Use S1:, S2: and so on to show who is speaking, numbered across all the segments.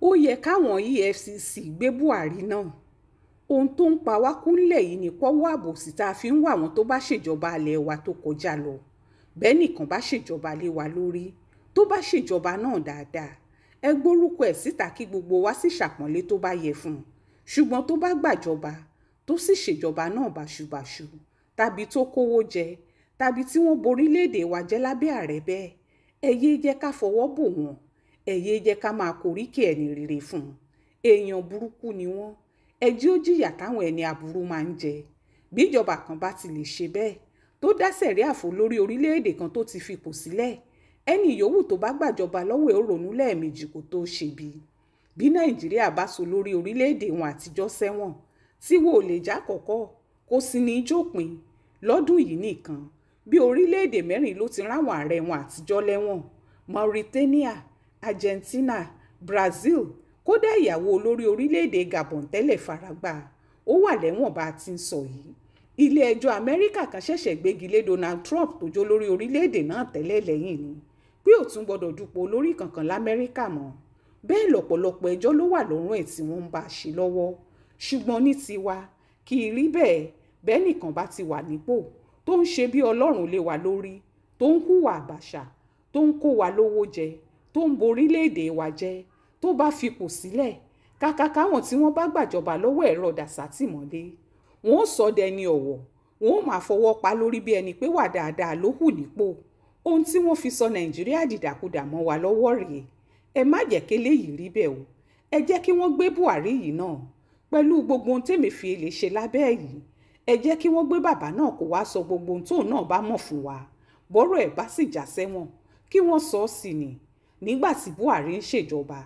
S1: ó yẹ káwọn efcc gbé buhari náà ohun tó ń pa wá kúnlẹ̀ yìí ní pọ́wọ́ àbòsí tá a fi ń wá àwọn tó bá ṣèjọba alẹ̀ wa tó kọjá lọ bẹ́ẹ̀ nìkan bá ṣèjọba lé wa lórí tó bá ṣèjọba náà dáadáa ẹ gbórúkọ ẹ̀ síta kí gbogbo wa sì ṣàpọ́nlé tó bá yẹ fún un ṣùgbọ́n tó bá gbàjọba tó sì ṣèjọba náà báṣubàṣu tàbí tó kówó jẹ tàbí tí wọ́n borílẹ̀-èdè wa jẹ́ lábẹ́ ààrẹ bẹ́ẹ̀ ẹ yéé jẹ́ ká fọwọ́ bò wọ́n ẹ yéé jẹ́ ká máa koríkì ẹni rere fún un èèyàn burúkú ni wọ́n ẹ jí ó jìyà táwọn ẹni aburú máa ń jẹ bíjọba kan bá ti lè ṣe bẹ́ẹ̀ tó dá sẹ̀ríà fò lórí orílẹ̀-èdè kan tó ti fipò sílẹ̀ ẹni yòówù tó bá gbàjọba lọ́wọ́ ẹ̀ ó ronú lẹ́ẹ̀mejì kó tó ṣe bí bí nàìjíríà bá so lórí orílẹ̀-èdè wọn àtijọ́ sẹ́wọ̀n tí wo ò lè já kọ̀kọ́ kó sì ní í jópin lọ́dún yìí nìkan bí orílẹ̀-èdè mẹ́rin ló ti ráwọn ààrẹ wọn àtijọ́ lẹ́wọ̀n Mauritania Argentina Brazil kódà ìyàwó olórí orílẹ̀-èdè Gabon tẹ́lẹ̀ faragbá ó wà lẹ́wọ̀n bá a ti ń sọ yìí ilé-ẹjọ́ Amẹ́ríkà kan ṣẹ̀ṣẹ̀ gbégi lé Donald Trump tó jó lórí orílẹ̀-èdè náà tẹ́lẹ̀ lẹ́yìn ni pé ó tún gbọ́dọ̀ dupò olórí kankan l'Amẹ́ríkà mọ́ bẹ́ẹ̀ lọ́pọ̀lọpọ̀ ẹjọ́ ló wà lọ́rùn ẹ̀ tí wọ́n ń bá a ṣe lọ́wọ́ ṣùgbọ́n ní tiwa kì í rí bẹ́ẹ̀ bẹ́ẹ̀ nìkan bá ti wà nípò tó ń ṣe bí Ọlọ́run lé wa lórí tó ń hùwà àbàṣà tó ń kó wa lówó jẹ tó ń borílẹ̀-èdè wa jẹ́ tó bá fipò sílẹ̀ kàkà káwọn tí wọ́n bá gbàjọba lọ́wọ́ ẹ̀ rọ̀dà sátìmọ́lé wọn ò sọ dẹni ọ̀wọ̀ wọn ò máa fọwọ́ pa lórí bí ẹni pé wà dáadáa ló hù nípò ohun tí wọ́n fi sọ nàìjíríà dìdàkudà mọ́ wa lọ́wọ́ rèé ẹ má jẹ́ kélé yìí rí bẹ́ẹ̀ o ẹ jẹ́ kí wọ́n gbé buhari yìí náà pẹ̀lú gbogbo ohun tẹ́mẹ́fìlẹ̀ ṣe lábẹ́ ẹ̀ yìí ẹ jẹ́ kí wọ́n gbé bàbá náà kó wá sọ gbogbo ohun tóun náà bá mọ̀ fún wa bọ́rọ̀ ẹ̀ bá sì já sẹ́wọ̀n kí wọ́n sọ ọ́ sí ni nígbà tí Buhari ń ṣèjọba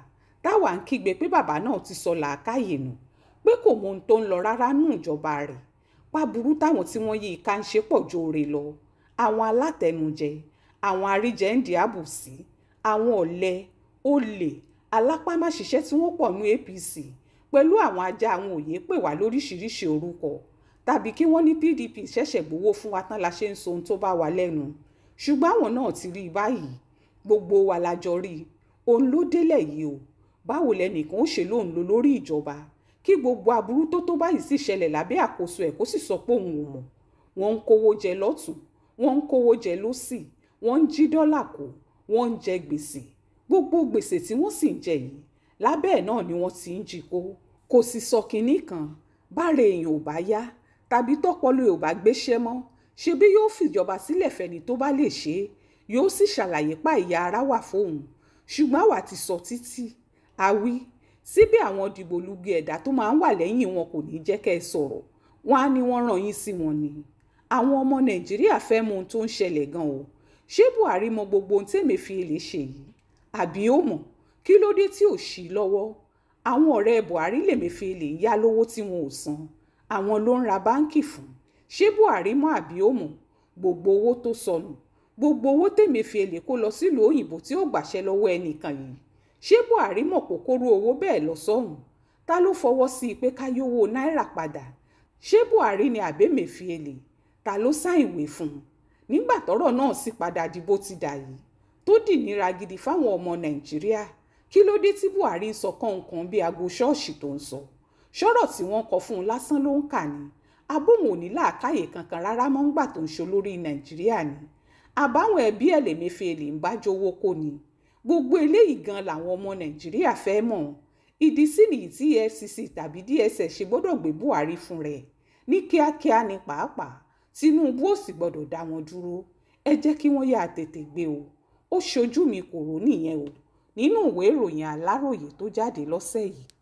S1: táwa ń kígbe pé bàbá náà ti sọ làákàyè nù pé kò mọ ohun tó ń lọ rárá nù ìjọba rẹ̀ pàbùrú táwọn tí wọ́n yí ká ń ṣe pọ̀ ju lọ àwọn alátẹnujẹ àwọn àríjẹ ń di àbùsí àwọn ọ̀lẹ olè alápámáṣiṣẹ́ tí wọ́n pọ̀ ní APC pẹ̀lú àwọn ajá àwọn òye pè wá lóríṣiríṣi orúkọ tàbí kí wọ́n ní PDP ṣẹ̀ṣẹ̀ gbowó fún wa tán la ṣe ń sọ ohun tó bá wa lẹ́nu ṣùgbọ́n àwọn náà ti rí i báyìí gbogbo wa la jọ rí i òun ló délẹ̀ yìí o báwo lẹnìkan ó ṣe lóun lo lórí ìjọba kí gbogbo aburú tó tó báyìí sì ṣẹlẹ̀ lábẹ́ àkóso ẹ̀ kó sì sọ pé òun ò mọ̀ wọ́n ń kówó jẹ lọ́tún wọ́n ń kówó jẹ lọ́sì wọ́n ń jí dọ́là kó wọ́n ń jẹ gbèsè gbogbo gbèsè tí wọ́n sì ń jẹ yìí lábẹ́ ẹ̀ náà ni wọ́n ti ń jí kó kò sì sọ kinní kan báre èèyàn ò bá yá tàbí tọ́pọlọ ò bá gbéṣẹ́ mọ́ ṣebí yóò fìjọba sílẹ̀ fẹ́ni tó bá lè ṣe é yóò sì ṣàlàyé pa ìyà ara wà fóun ṣùgbọ́n àwa ti sọ títí a wí síbẹ̀ àwọn dìgbòlugi ẹ̀dá tó máa ń wà lẹ́yìn wọn kò ní jẹ́ kẹ́ ẹ sọ̀rọ̀ wọn á ní wọ́n ràn yín sí wọn ni àwọn ọmọ nàìjíríà fẹ́ mọ ohun tó ń ṣẹlẹ̀ gan o ṣé buhari mọ gbogbo ohun tẹ́mẹ̀fìlẹ̀ ṣe yìí àbí ó mọ̀ kí ló dé tí ò ṣí lọ́wọ́ àwọn ọ̀rẹ́ buhari lèmẹ̀fìlẹ̀ ń yá lówó tí wọn ò san àwọn ló ń ra báńkì fún ṣé buhari mọ àbí ó mọ̀ gbogbo owó tó sọnù gbogbo owó tẹ̀mẹ́fìlẹ̀ kó lọ sílùú òyìnbó tí ó gbàṣẹ lọ́wọ́ ẹnìkan yìí ṣé buhari mọ̀ kó kóró owó bẹ́ẹ̀ lọ sọ́hùn ta ló fọwọ́ sí i pé ká yówó náírà padà ṣé buhari ni àbẹ́mẹ́fìlẹ̀ ta ló sáìwé fún un nígbà tọ́rọ̀ náà sì padà di bó ti dà yìí tó dì nira gidi fáwọn ọmọ nàìjíríà kí ló dé tí buhari ń sọ kọ̀ọ̀kan bí aago ṣọ́ọ̀ṣì tó ń sọ ṣọ́rọ̀ tí wọ́n kọ fún un lásán ló ń kà ní abóhùn ò ní làákàyè kankan rárá mọ́ ń gbà tó ń ṣe olórí nàìjíríà ni àbáwọn ẹbí ẹ̀ lèmefiele ń bá jówó kó ni gbogbo eléyìí gan làwọn ọmọ nàìjíríà fẹ́ mọ̀ ìdí sí nìyí tí efcc tàbí dss ṣe gbọ́dọ̀ gbé buhari fún rẹ̀ ní kíákíá ni pàápàá tinubu ò sì gbọ́dọ̀ dá wọn dúró ẹ jẹ́ kí wọ́n yáa tètè gbé o ó ṣojú mi kò rò nìyẹn o nínú ìwé ìròyìn aláròye tó jáde lọ́sẹ̀ yìí